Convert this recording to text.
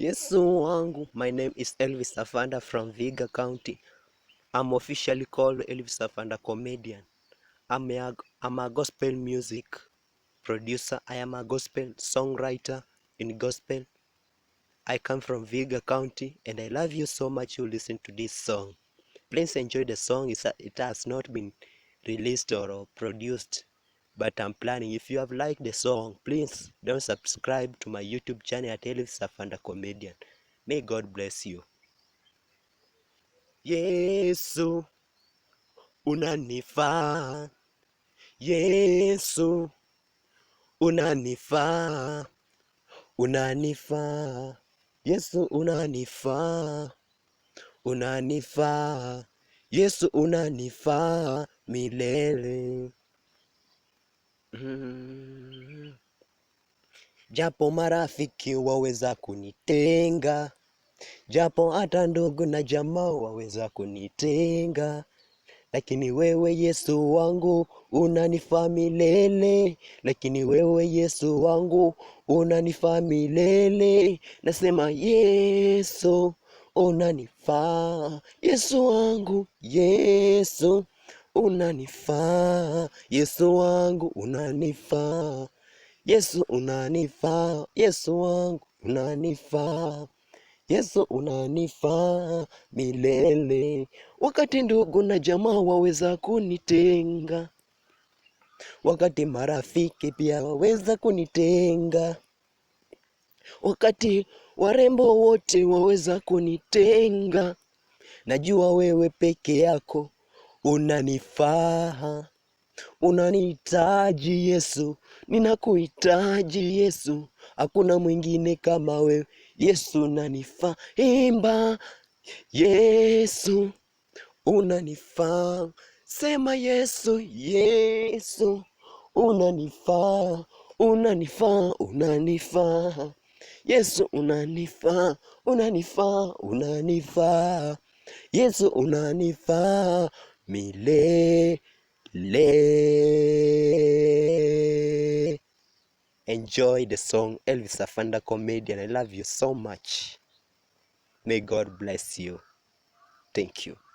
Yesu wangu, my name is Elvis afanda from Viga County. I'm officially called Elvis afanda comedian. I'm a, I'm a gospel music producer. I am a gospel songwriter in gospel. I come from Viga County and I love you so much you listen to this song. Please enjoy the song. it has not been released or produced but I'm planning. If you have liked the song, please don't subscribe to my YouTube channel at Elif Safanda Comedian. May God bless you. Yesu unanifa Yesu unanifa unanifa Yesu unanifa unanifa Yesu unanifa milele. Mm-hmm. Japo marafiki waweza kunitenga, japo hata ndugu na jamaa waweza kunitenga, lakini wewe Yesu wangu unanifaa milele, lakini wewe Yesu wangu unanifaa milele. Nasema Yesu unanifaa, Yesu wangu, Yesu unanifaa, Yesu wangu unanifaa, Yesu unanifaa, Yesu wangu unanifaa, Yesu unanifaa milele. Wakati ndugu na jamaa waweza kunitenga, wakati marafiki pia waweza kunitenga, wakati warembo wote waweza kunitenga, najua wewe peke yako Unanifaa, unanihitaji Yesu, ninakuhitaji Yesu, hakuna mwingine kama wewe Yesu, unanifaa. Imba Yesu, unanifaa, sema Yesu, Yesu, unanifaa, unanifaa, unanifaa Yesu, unanifaa, unanifaa, unanifaa Yesu, unanifaa milele. Enjoy the song Elvis Afanda Comedian. I love you so much. May God bless you. Thank you.